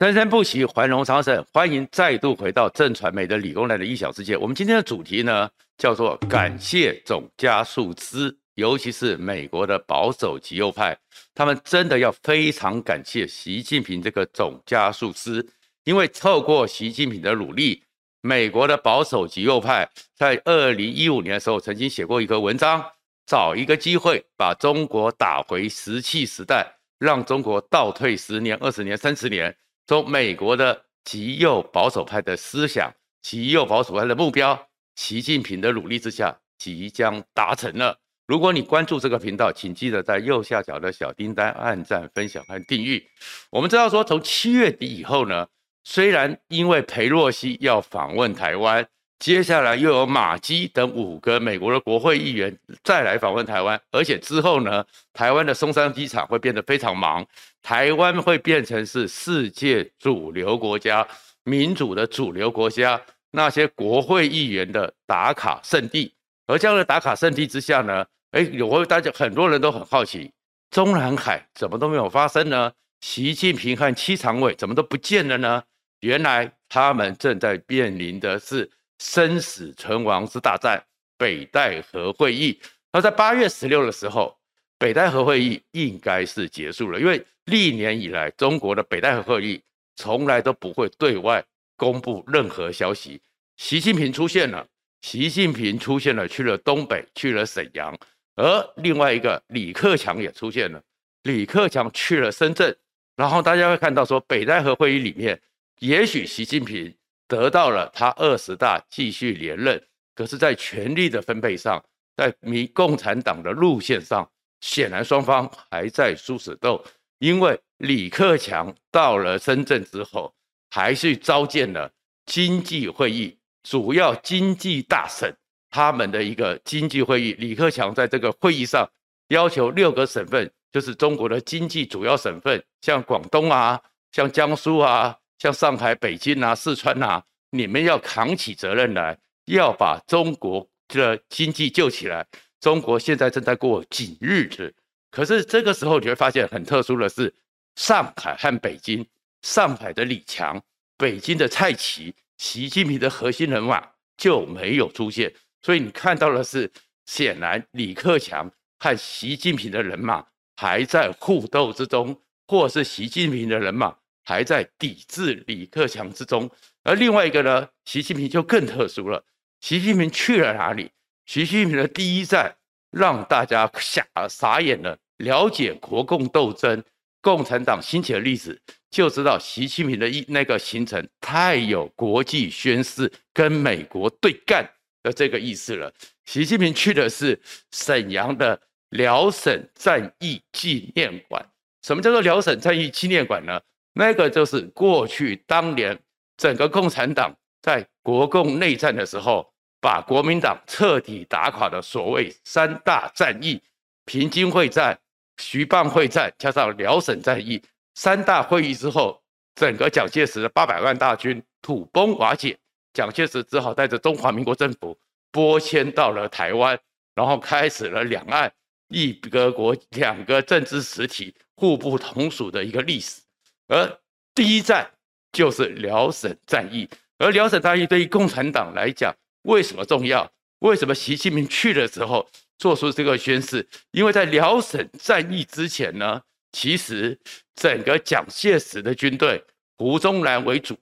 生生不息，繁榮昌盛。歡迎再度回到震傳媒的理工男的異想世界。我們今天的主題呢，叫做感謝總加速師，尤其是美國的保守極右派，他們真的要非常感謝習近平這個總加速師，因為透過習近平的努力，美國的保守極右派在二零一五年的時候曾經寫過一個文章，找一個機會把中國打回石器時代，讓中國倒退十年、二十年、三十年。從美國的極右保守派的思想，極右保守派的目標，習近平的努力之下，即將達成了。如果你關注這個頻道，請記得在右下角的小訂單按讚、分享和訂閱。我們知道說，從七月底以後呢，雖然因為裴洛西要訪問台灣。接下來又有馬基等五個美國的國會議員再來訪問台灣，而且之後呢，台灣的松山機場會變得非常忙，台灣會變成是世界主流國家民主的主流國家那些國會議員的打卡聖地。而這樣的打卡聖地之下呢，哎，我有會大家很多人都很好奇，中南海怎麼都沒有發生呢？習近平和七常委怎麼都不見了呢？原來他們正在面臨的是。生死存亡之大戰，北戴河會議。那在八月十六的時候，北戴河會議應該是結束了，因為歷年以來中國的北戴河會議從來都不會對外公布任何消息。習近平出現了，習近平出現了，去了東北，去了瀋陽；而另外一個李克強也出現了，李克強去了深圳。然後大家會看到說，北戴河會議裡面，也許習近平。得到了他二十大繼續連任，可是，在權力的分配上，在民共產黨的路線上，顯然雙方還在殊死鬥。因為李克強到了深圳之後，還是召見了經濟會議，主要經濟大省，他們的一個經濟會議。李克強在這個會議上要求六個省份，就是中國的經濟主要省份，像廣東啊，像江蘇啊。像上海、北京吶、啊、四川吶、啊，你們要扛起責任來，要把中國的經濟救起來。中國現在正在過緊日子，可是這個時候你會發現很特殊的是，上海和北京，上海的李強、北京的蔡奇、習近平的核心人物啊，就沒有出現，所以你看到的是，顯然李克強和習近平的人馬還在互鬥之中，或是習近平的人馬。還在抵制李克強之中，而另外一個呢，習近平就更特殊了。習近平去了哪裡？習近平的第一站讓大家傻傻眼了。了解國共鬥爭、共產黨興起的歷史，就知道習近平的那那個行程太有國際宣示跟美國對幹的這個意思了。習近平去的是瀋陽的遼沈戰役紀念館。什麼叫做遼沈戰役紀念館呢？那個就是過去當年整個共產黨在國共內戰的時候，把國民黨徹底打垮的所謂三大戰役：平津會戰、徐蚌會戰，加上遼瀋戰役。三大會議之後，整個蔣介石的八百萬大軍土崩瓦解，蔣介石只好帶着中華民國政府，撥遷到了台灣，然後開始了兩岸一個國兩個政治實體互不統屬的一個歷史。而第一站就是遼瀋戰役，而遼瀋戰役對於共產黨來講，為什麼重要？為什麼習近平去的時候做出這個宣誓？因為在遼瀋戰役之前呢，其實整個蔣介石的軍隊，胡宗南為主，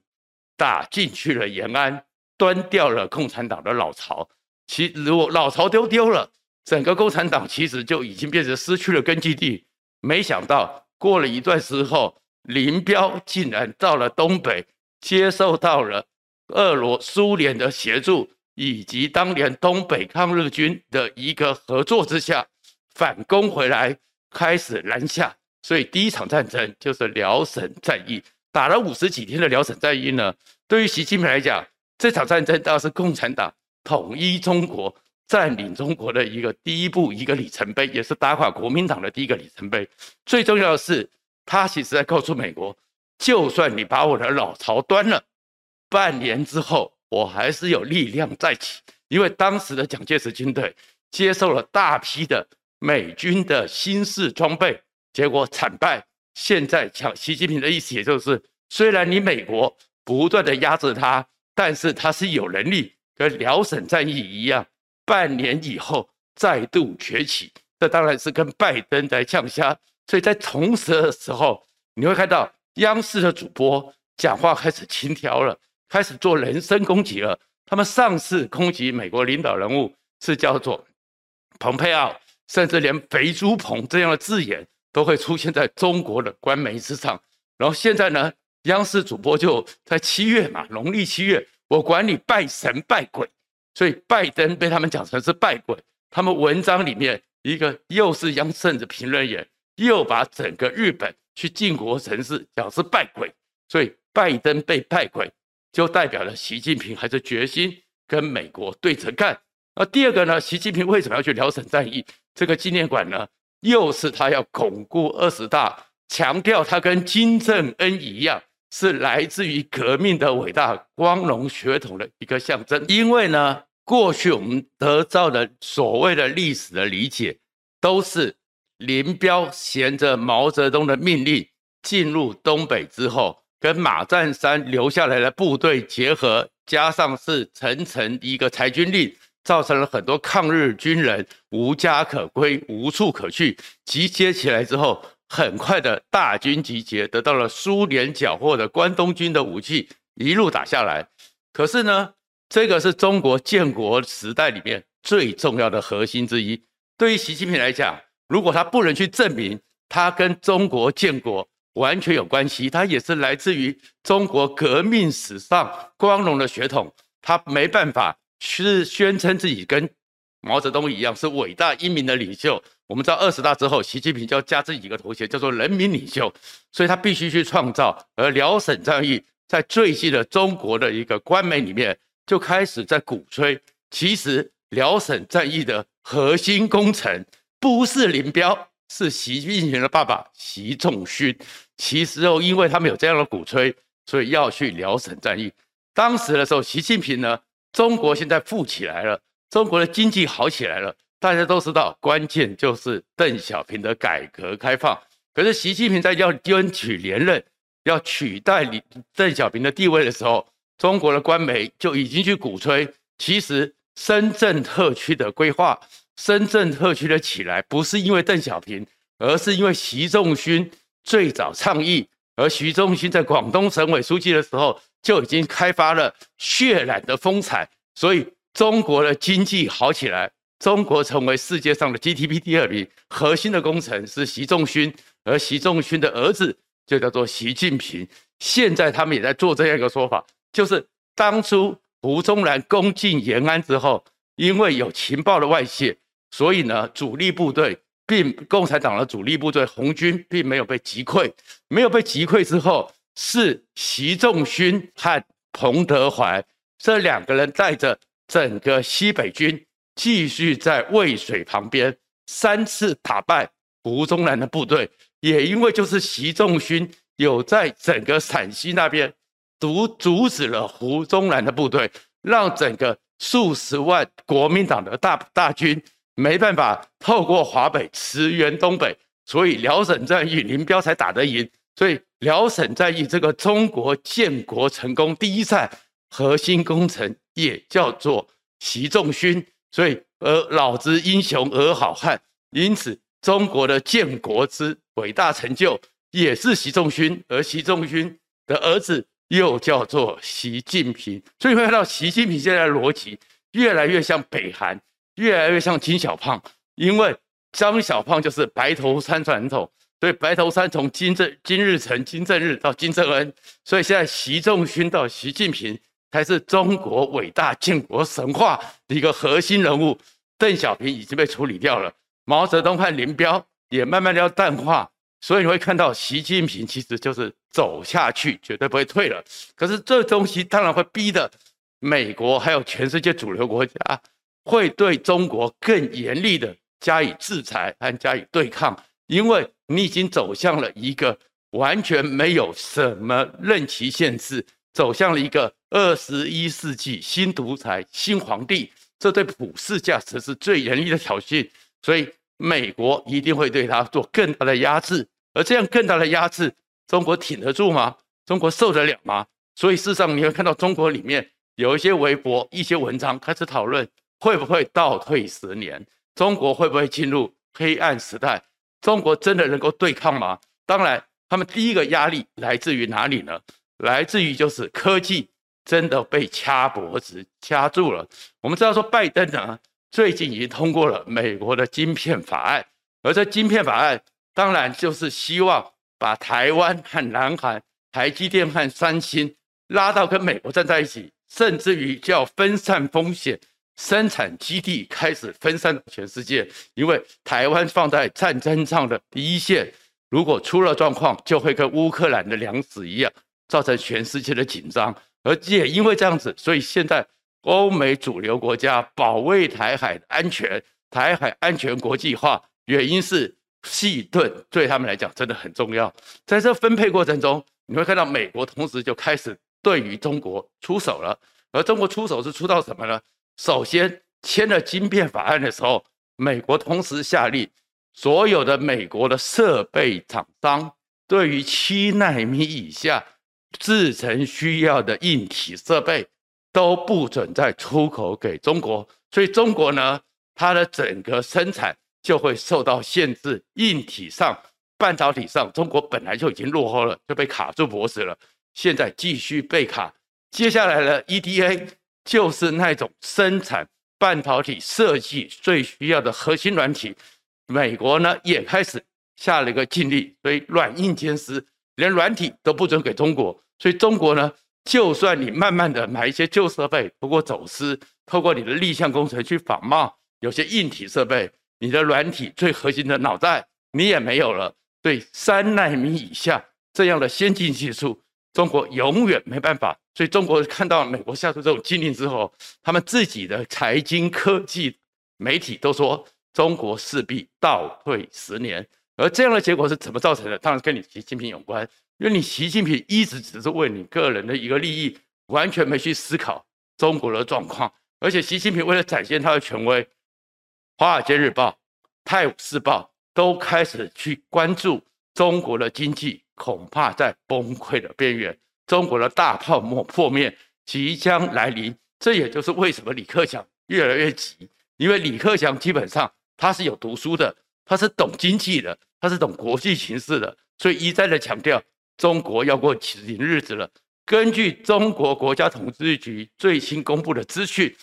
打進去了延安，端掉了共產黨的老巢。其實如果老巢丟丟了，整個共產黨其實就已經變成失去了根據地。沒想到過了一段時候。林彪竟然到了東北，接受到了俄羅斯、蘇聯的協助，以及當年東北抗日軍的一個合作之下，反攻回來，開始南下。所以第一場戰爭就是遼瀋戰役，打了五十幾天的遼瀋戰役呢。對於習近平來講，這場戰爭倒是共產黨統一中國、佔領中國的一個第一步，一個里程碑，也是打垮國民黨的第一個里程碑。最重要的是。他其實在告訴美國，就算你把我的老巢端了，半年之後我還是有力量再起，因為當時的蔣介石軍隊接受了大批的美軍的新式裝備，結果慘敗。現在，講習近平的意思也就是，雖然你美國不斷的壓制他，但是他是有能力跟遼沈戰役一樣，半年以後再度崛起。這當然是跟拜登在嗆下。所以在同時的時候，你會看到央視的主播講話開始輕佻了，開始做人身攻擊了。他們上次攻擊美國領導人物是叫做“蓬佩奧”，甚至連“肥豬蓬”這樣的字眼都會出現在中國的官媒之上。然後現在呢，央視主播就在七月嘛，農曆七月，我管你拜神拜鬼。所以拜登被他們講成是拜鬼。他們文章裡面一個又是央視的評論員。又把整個日本去靖國神社表示拜鬼，所以拜登被拜鬼，就代表了習近平還是決心跟美國對着幹。那第二個呢？習近平為什麼要去遼沈戰役這個紀念館呢？又是他要鞏固二十大，強調他跟金正恩一樣，是來自於革命的偉大光榮血統的一個象徵。因為呢，過去我們得到的所謂的歷史的理解，都是。林彪銜着毛澤東的命令進入東北之後，跟馬占山留下來的部隊結合，加上是層層一個裁軍令，造成了很多抗日軍人無家可歸、無處可去，集結起來之後，很快的大軍集結，得到了蘇聯繳獲的關東軍的武器，一路打下來。可是呢，這個是中國建國時代裡面最重要的核心之一，對於習近平來講。如果他不能去證明他跟中國建國完全有關係，他也是來自於中國革命史上光榮的血統，他沒辦法是宣稱自己跟毛澤東一樣是偉大英明的領袖。我們在二十大之後，習近平就要加自己一個頭銜，叫做人民領袖，所以他必須去創造。而遼瀋戰役在最近的中國的一個官媒裡面就開始在鼓吹，其實遼瀋戰役的核心功臣，不是林彪，是習近平的爸爸習仲勳。其實哦，因為他們有這樣的鼓吹，所以要去遼瀋戰役。當時的時候，習近平呢，中國現在富起來了，中國的經濟好起來了，大家都知道，關鍵就是鄧小平的改革開放。可是習近平在要爭取連任，要取代鄧小平的地位的時候，中國的官媒就已經去鼓吹，其實深圳特區的規劃。深圳特區的起來不是因為鄧小平，而是因為習仲勳最早倡議。而習仲勳在廣東省委書記的時候就已經開發了血染的風采。所以中國的經濟好起來，中國成為世界上的 GDP 第二名。核心的工程是習仲勳，而習仲勳的兒子就叫做習近平。現在他們也在做這樣一個說法，就是當初胡宗南攻進延安之後，因為有情報的外泄。所以呢，主力部隊並共產黨的主力部隊紅軍並沒有被擊潰，沒有被擊潰之後，是習仲勳和彭德懷這兩個人帶着整個西北軍繼續在渭水旁邊三次打敗胡宗南的部隊，也因為就是習仲勳有在整個陝西那邊阻，阻止了胡宗南的部隊，讓整個數十萬國民黨的大大軍。沒辦法透過華北馳援東北，所以遼瀋戰役林彪才打得贏。所以遼瀋戰役這個中國建國成功第一戰核心功臣，也叫做習仲勳。所以，而老子英雄，兒好漢。因此，中國的建國之偉大成就，也是習仲勳。而習仲勳的兒子又叫做習近平。所以，會看到習近平現在的邏輯，越來越像北韓。越來越像金小胖，因為張小胖就是白頭山傳統，所以白頭山從金正、金日成、金正日到金正恩，所以現在習仲勳到習近平才是中國偉大建國神話的一個核心人物。鄧小平已經被處理掉了，毛澤東和林彪也慢慢的要淡化，所以你會看到習近平其實就是走下去，絕對不會退了。可是這東西當然會逼得美國還有全世界主流國家，會對中國更嚴厲的加以制裁和加以對抗，因為你已經走向了一個完全沒有什麼任期限制，走向了一個二十一世紀新獨裁、新皇帝，這對普世價值是最嚴厲的挑釁。所以，美國一定會對它做更大的壓制，而這樣更大的壓制，中國挺得住嗎？中國受得了嗎？所以，事實上你會看到中國裡面有一些微博、一些文章開始討論。會不會倒退十年？中國會不會進入黑暗時代？中國真的能夠對抗嗎？當然，他們第一個壓力來自於哪裡呢？來自於就是科技真的被掐脖子，掐住了。我們知道說，拜登呢，最近已經通過了美國的晶片法案，而這晶片法案，當然就是希望把台灣和南韓，台積電和三星拉到跟美國站在一起，甚至於叫分散風險。生產基地開始分散全世界，因為台灣放在戰爭上的第一線，如果出了狀況，就會跟烏克蘭的糧食一樣，造成全世界的緊張。而且因為這樣子，所以現在歐美主流國家保衛台海安全，台海安全國際化，原因是矽盾對他們來講真的很重要。在這分配過程中，你會看到美國同時就開始對於中國出手了，而中國出手是出到什麼呢？首先簽了晶片法案的時候，美國同時下令，所有的美國的設備廠商對於七納米以下製程需要的硬體設備都不准再出口給中國，所以中國呢，它的整個生產就會受到限制。硬體上、半導體上，中國本來就已經落後了，就被卡住脖子了，現在繼續被卡。接下來的 EDA 就是那種生產半導體設計最需要的核心軟體，美國呢也開始下了一個禁令，所以軟硬兼施，連軟體都不准給中國。所以中國呢，就算你慢慢的買一些舊設備，不過走私，透過你的逆向工程去仿冒，有些硬體設備，你的軟體最核心的腦袋你也沒有了。對三納米以下這樣的先進技術。中國永遠沒辦法，所以中國看到美國下出這種禁令之後，他們自己的財經科技媒體都說中國勢必倒退十年。而這樣的結果是怎麼造成的？當然跟你習近平有關，因為你習近平一直只是為你個人的一個利益，完全沒去思考中國的狀況。而且習近平為了展現他的權威，《華爾街日報》、《泰晤士報》都開始去關注中國的經濟。恐怕在崩潰的邊緣，中國的大泡沫破滅即將來臨。這也就是為什麼李克強越來越急，因為李克強基本上他是有讀書的，他是懂經濟的，他是懂國際形勢的，所以一再的強調中國要過緊日子了。根據中國國家統計局最新公布的資訊，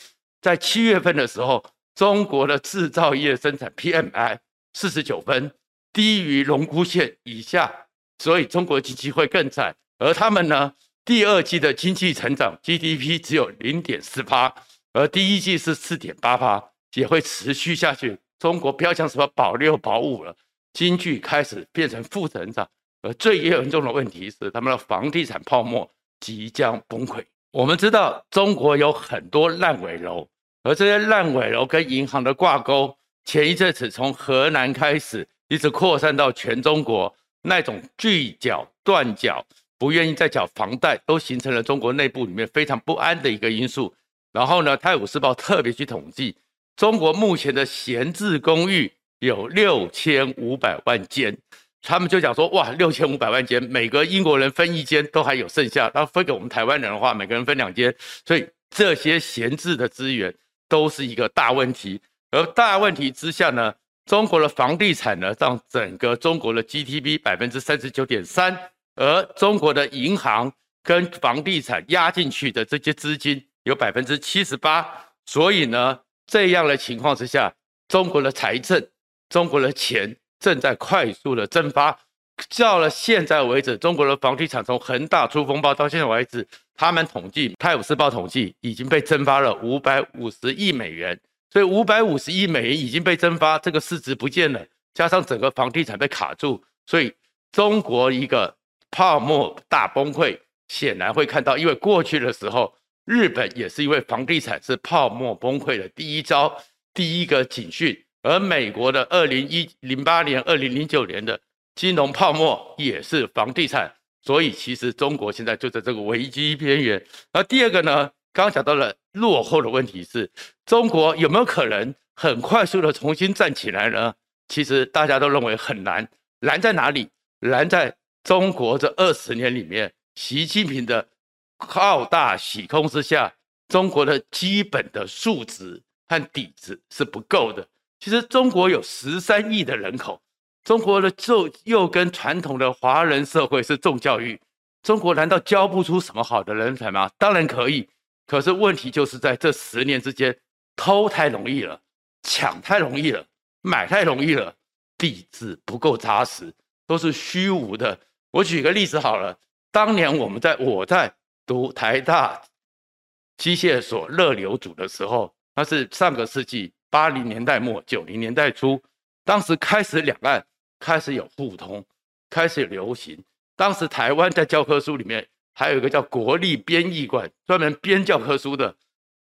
在七月份的時候，中國的製造業生產 PMI 四十九分，低於榮枯線以下。所以中國經濟會更差，而他們呢，第二季的經濟成長 GDP 只有零點四八，而第一季是四點八八，也會持續下去。中國不要講什麼保六保五了，經濟開始變成負增長。而最嚴重的問題是，他們的房地產泡沫即將崩潰。我們知道，中國有很多爛尾樓，而這些爛尾樓跟銀行的掛鈎，前一陣子從河南開始，一直擴散到全中國。那種拒繳、斷繳、不願意再繳房貸，都形成了中國內部裡面非常不安的一個因素。然後呢，《泰晤士報》特別去統計，中國目前的閒置公寓有六千五百萬間，他們就講說，哇，六千五百萬間，每個英國人分一間都還有剩下，然後分給我們台灣人的話，每個人分兩間，所以這些閒置的資源都是一個大問題。而大問題之下呢？中國的房地產呢，佔整個中國的 GDP 百分之三十九點三，而中國的銀行跟房地產壓進去的這些資金有百分之七十八，所以呢，這樣的情況之下，中國的財政、中國的錢正在快速的蒸發。到了現在為止，中國的房地產從恆大出風暴到現在為止，他們統計，《泰晤士報》統計已經被蒸發了五百五十億美元。所以五百五十億美元已經被蒸發，這個市值不見了，加上整個房地產被卡住，所以中國一個泡沫大崩潰，顯然會看到。因為過去的時候，日本也是因為房地產是泡沫崩潰的第一招、第一個警訊，而美國的二零一零八年、二零零九年的金融泡沫也是房地產。所以其實中國現在就在這個危機邊緣。而第二個呢？剛剛講到了。落後的問題是，中國有沒有可能很快速的重新站起來呢？其實大家都認為很難。難在哪裡？難在中國這二十年裡面，習近平的好大喜功之下，中國的基本的素質和底子是不夠的。其實中國有十三億的人口，中國的就又跟傳統的華人社會是重教育，中國難道教不出什麼好的人才嗎？當然可以。可是問題就是在這十年之間，偷太容易了，搶太容易了，買太容易了，地質不夠紮實，都是虛無的。我舉個例子好了，當年我們在我在讀台大機械所熱流組的時候，那是上個世紀八零年代末九零年代初，當時開始兩岸開始有互通，開始流行，當時台灣在教科書裡面。還有一個叫國立編譯館，專門編教科書的，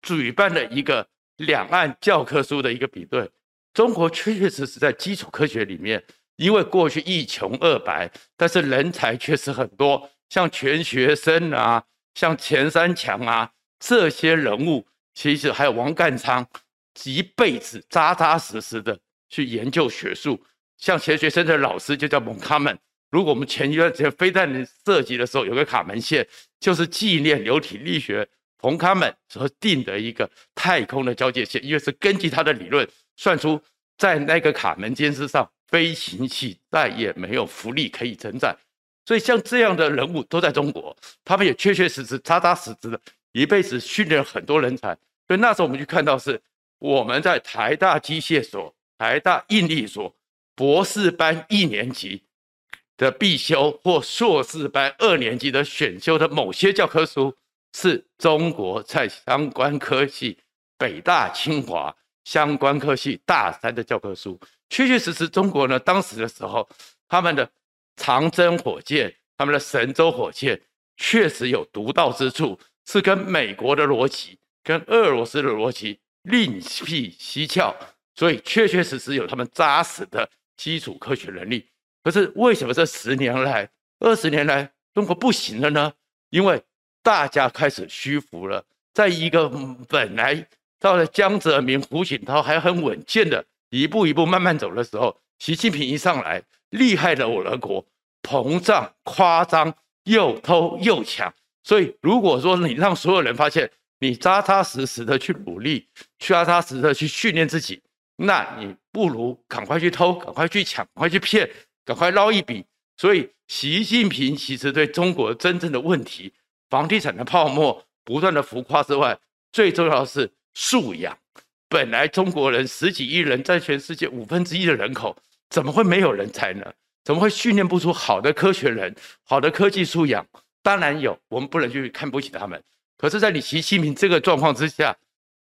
舉辦了一個兩岸教科書的一個比對。中國確確實實在基礎科學裡面，因為過去一窮二白，但是人才確實很多，像錢學森啊，像錢三強啊這些人物，其實還有王淦昌，一輩子扎扎實實的去研究學術。像錢學森的老師就叫馮卡門如果我們前一段時間飛彈設計的時候有個卡門線，就是紀念流體力學馮卡門所定的一個太空的交界線，因為是根據他的理論算出在那個卡門線之上，飛行器再也沒有浮力可以承載。所以像這樣的人物都在中國，他們也確確實實，實扎扎實實的一輩子訓練很多人才。所以那時候我們就看到是我們在台大機械所、台大應力所博士班一年級。的必修或碩士班二年級的選修的某些教科書，是中國在相關科系，北大、清華相關科系大三的教科書。確確實實，中國呢，當時的時候，他們的長征火箭、他們的神舟火箭，確實有獨到之處，是跟美國的邏輯、跟俄羅斯的邏輯另闢蹊徑。所以，確確實實有他們扎實的基礎科學能力。可是為什麼這十年來、二十年來中國不行了呢？因為大家開始虛浮了，在一個本來到了江澤民、胡錦濤還很穩健的一步一步慢慢走的時候，習近平一上來，厲害了，我的國膨脹、誇張，又偷又搶。所以，如果說你讓所有人發現你扎扎實實的去努力，去扎扎實實的去訓練自己，那你不如趕快去偷，趕快去搶，趕快去騙。趕快撈一筆，所以習近平其實對中國真正的問題，房地產的泡沫不斷的浮誇之外，最重要的是素養。本來中國人十幾億人在全世界五分之一的人口，怎麼會沒有人才呢？怎麼會訓練不出好的科學人、好的科技素養？當然有，我們不能去看不起他們。可是，在你習近平這個狀況之下，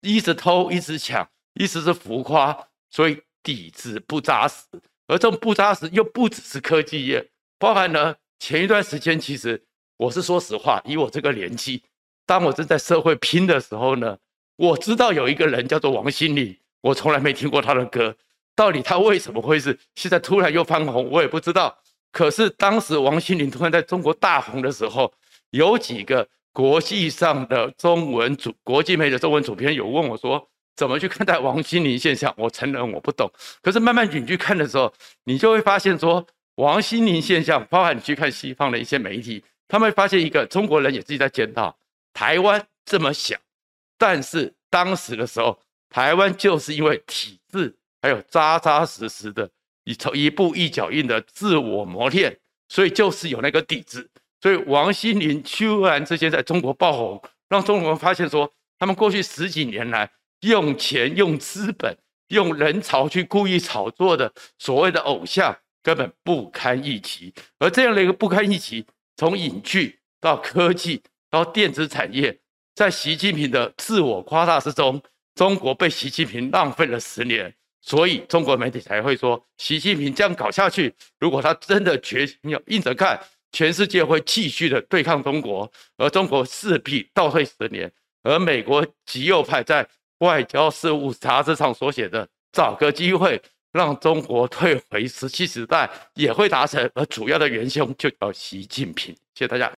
一直偷，一直搶，一直是浮誇，所以底子不扎實。而這種不扎實又不只是科技業，包含呢，前一段時間，其實我是說實話，以我這個年紀，當我正在社會拼的時候呢，我知道有一個人叫做王心凌，我從來沒聽過他的歌，到底他為什麼會是現在突然又翻紅，我也不知道。可是當時王心凌突然在中國大紅的時候，有幾個國際上的中文主國際媒體的中文主編有問我說。怎麼去看待王心凌現象？我承認我不懂，可是慢慢你去看的時候，你就會發現說王心凌現象，包含你去看西方的一些媒體，他們會發現一個中國人也自己在檢討，台灣這麼小，但是當時的時候，台灣就是因為體制還有扎扎實實的從一步一腳印的自我磨練，所以就是有那個底子，所以王心凌突然之間在中國爆紅，讓中國人發現說他們過去十幾年來。用錢、用資本、用人潮去故意炒作的所謂的偶像，根本不堪一擊。而這樣的一個不堪一擊，從影劇到科技到電子產業，在習近平的自我誇大之中，中國被習近平浪費了十年。所以中國媒體才會說，習近平這樣搞下去，如果他真的決心要硬着幹，全世界會繼續的對抗中國，而中國勢必倒退十年。而美國極右派在《外交事務》雜誌上所寫的，找個機會讓中國退回石器時代也會達成，而主要的元凶就叫習近平。謝謝大家。